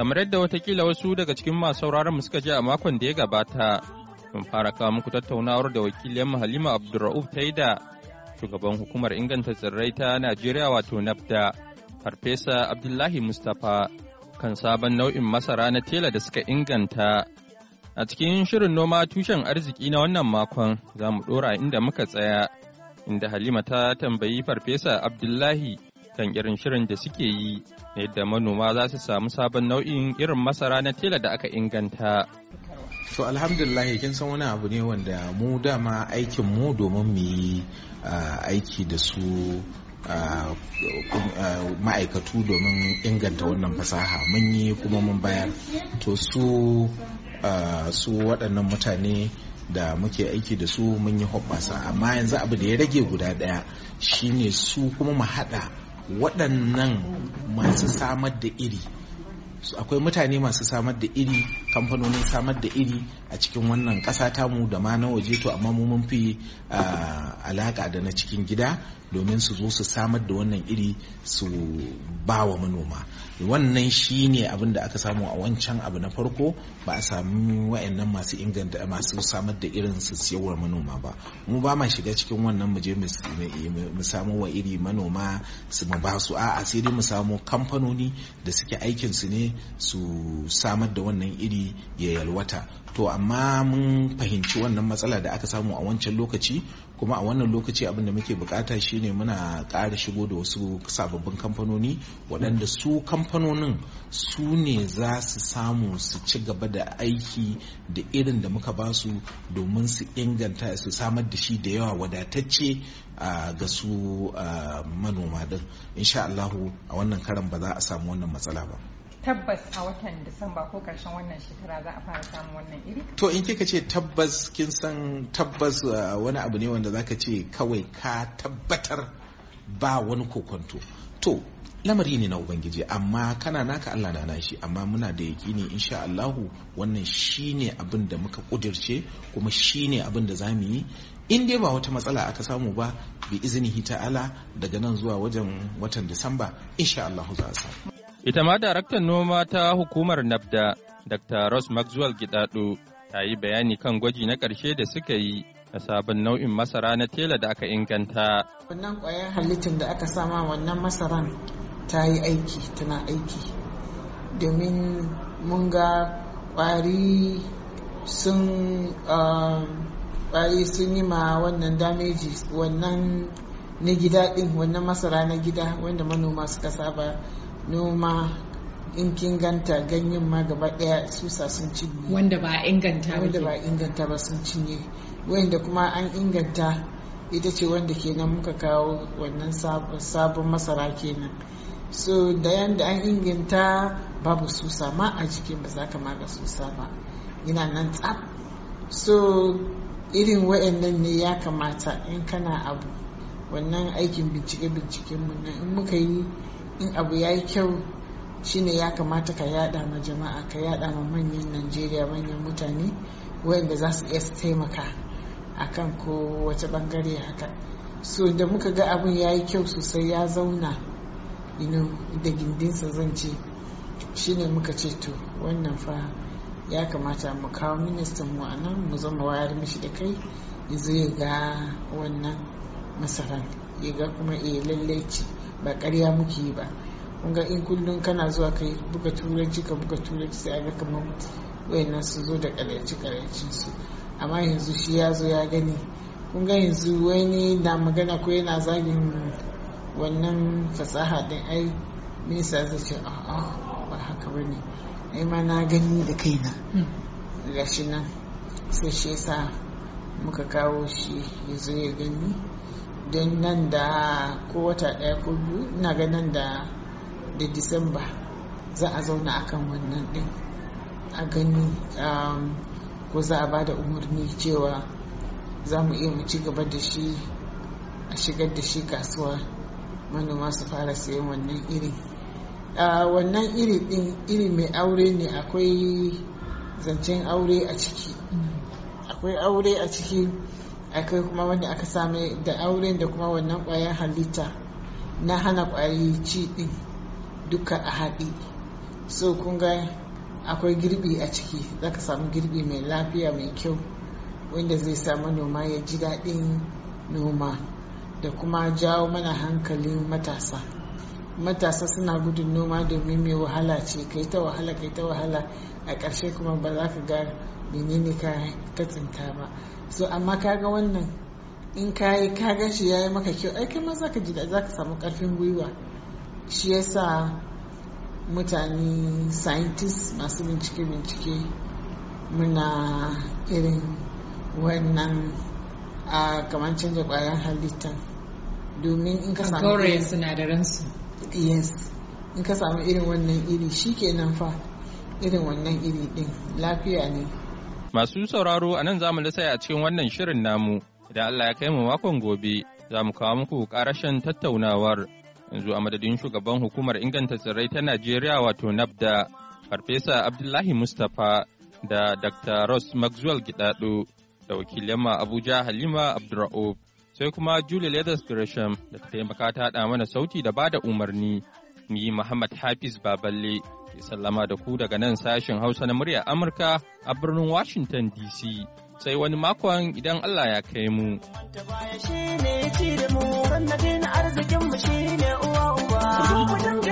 kamar yadda watakila wasu daga cikin masu sauraron mu suka ji a makon da ya gabata mun fara kawo muku tattaunawar da wakiliyar halima Abdurrauf ta da shugaban hukumar inganta tsirrai ta najeriya wato nafda farfesa abdullahi mustapha kan sabon nau'in masara na tela da suka inganta a cikin shirin noma tushen arziki na wannan makon za mu ɗora inda muka tsaya inda halima ta tambayi farfesa abdullahi kan irin shirin da suke yi na yadda manoma za su samu sabon nau'in irin masara na tela da aka inganta. To alhamdulillah kin san wani abu ne wanda mu dama aikin mu domin mu yi aiki da su ma'aikatu domin inganta wannan fasaha mun yi kuma mun bayar to su su waɗannan mutane da muke aiki da su mun yi hoɓɓasa amma yanzu abu da ya rage guda ɗaya shine su kuma mu haɗa waɗannan masu samar da iri akwai mutane masu samar da iri kamfanonin samar da iri a cikin wannan ƙasa tamu da ma na waje to amma mu mun fi alaƙa da na cikin gida domin su zo su samar da wannan iri su ba wa manoma wannan shi ne abin da aka samu a wancan abu na farko ba a sami wa'annan masu inganta masu samar da irin su siyarwar manoma ba mu ba ma shiga cikin wannan muje je mu samu wa iri manoma su mu ba su a'a sai dai mu samu kamfanoni da suke aikin su ne su samar da wannan iri ya yalwata to amma mun fahimci wannan matsala da aka samu a wancan lokaci kuma a wannan lokaci abin da muke bukata shine muna ƙara shigo da wasu sababbin kamfanoni waɗanda su kamfanonin su ne za su samu su ci gaba da aiki da irin da muka ba su domin su inganta su samar da shi da yawa wadatacce ga su manoma din insha Allahu a wannan karan ba za a samu wannan matsala ba tabbas a watan disamba ko karshen wannan shekara za a fara samun wannan iri to in kika ce tabbas kin san tabbas uh, wani abu ne wanda za ka ce kawai ka tabbatar ba wani kokonto to lamari ne na ubangiji amma kana naka Allah na nashi amma muna da yakini insha Allahu wannan shine abin da muka kudirce kuma shine abin da zamu yi in dai ba wata matsala aka samu ba bi hita ta'ala daga nan zuwa wajen watan Disamba insha Allahu za a samu Ita ma daraktan noma ta hukumar NAFDA, Dr. Ross Maxwell Gidado, ta yi bayani kan gwaji na ƙarshe da suka yi na sabon nau'in masara na tela da aka inganta. Wannan ƙwayar halittar da aka sama wannan masaran ta yi aiki tana aiki domin mun ga ƙwari sun ƙwari sun yi ma wannan dameji wannan na gida ɗin wannan masara na gida wanda manoma suka saba noma in kin ganta ganyen ma gaba daya susa sun cinye wanda ba inganta ba wanda ba inganta ba sun cinye wanda kuma an inganta ita ce wanda kenan muka kawo wannan sabon masara kenan so da yanda an inganta babu susa ma a jikin ba za ka maga susa ba ina nan tsab so irin wa'annan ne ya kamata in kana abu wannan aikin bincike-binciken mu in muka yi in abu ya yi kyau shine ya kamata ka yada ma jama'a ka yada ma manyan najeriya manyan mutane wayanda za su iya taimaka a kan ko wata bangare haka so da muka ga abin ya yi kyau sosai ya zauna da gindinsa zan ce shine muka ce to wannan fa ya kamata mu kawo ministan mu a nan mu zama wayar mishi da kai ya zo ya ga wannan masaran ya ga kuma iya eh, lallai ce ba karya muke yi ba kun ga in kullum kana zuwa kai buga turanci ka buga turanci sai aga kamar wayannan su zo da ƙaryaci ƙaryacin su amma yanzu shi ya zo ya gani kun ga yanzu wani na magana ko yana zagin wannan fasaha din ai yasa zai ce a ba haka ba ne ai ma na gani da kaina gashi nan sai shi yasa muka kawo shi ya zo ya gani don nan da ko wata ɗaya ko biyu ina ganin da da disamba za a zauna akan wannan ɗin a gani um, ko za a ba da umarni cewa za mu iya mu ci gaba da shi a shigar da shi kasuwa manoma su fara sayan wannan iri wannan iri din iri mai aure ne akwai zancen aure a ciki mm. akwai aure a ciki akai kuma wanda aka same da auren da kuma wannan kwayar halitta na hana kwayoyi ci din duka a haɗi so kun ga akwai girbi a ciki zaka samu girbi mai lafiya mai kyau wanda zai samu noma ya ji daɗin noma da kuma jawo mana hankalin matasa matasa suna gudun noma domin mai wahala ce kai ta wahala kai ta wahala a ƙarshe kuma ba za ka ga menene ka katsinta ba so amma kaga wannan in ka yi kaga shi ya yi maka kyau ai kai ma za ka ji da za ka samu karfin gwiwa shi ya sa mutane scientists masu bincike-bincike muna irin wannan a kamar canja kwayan halittar domin in ka samu gaurayen sinadaransu yes in ka samu irin wannan iri shi kenan fa irin wannan iri din lafiya ne Masu sauraro a nan zamu mu a cikin wannan shirin namu, idan Allah ya kai mu makon gobe za mu kawo muku karashen tattaunawar. Yanzu a madadin shugaban hukumar inganta tsirrai ta Najeriya wato NAFDA, Farfesa Abdullahi Mustapha da Dr. Ross Maxwell Gidado da wakilin ma Abuja Halima Abdurra'ub. Sai kuma Julie Leathers Gresham da ta taimaka ta haɗa mana sauti da bada umarni. ni Muhammad Hafiz Baballe ke sallama da ku daga nan sashen Hausa na murya Amurka a birnin Washington DC. Sai wani makon idan Allah ya kai mu. arzikin mu shine uwa uwa.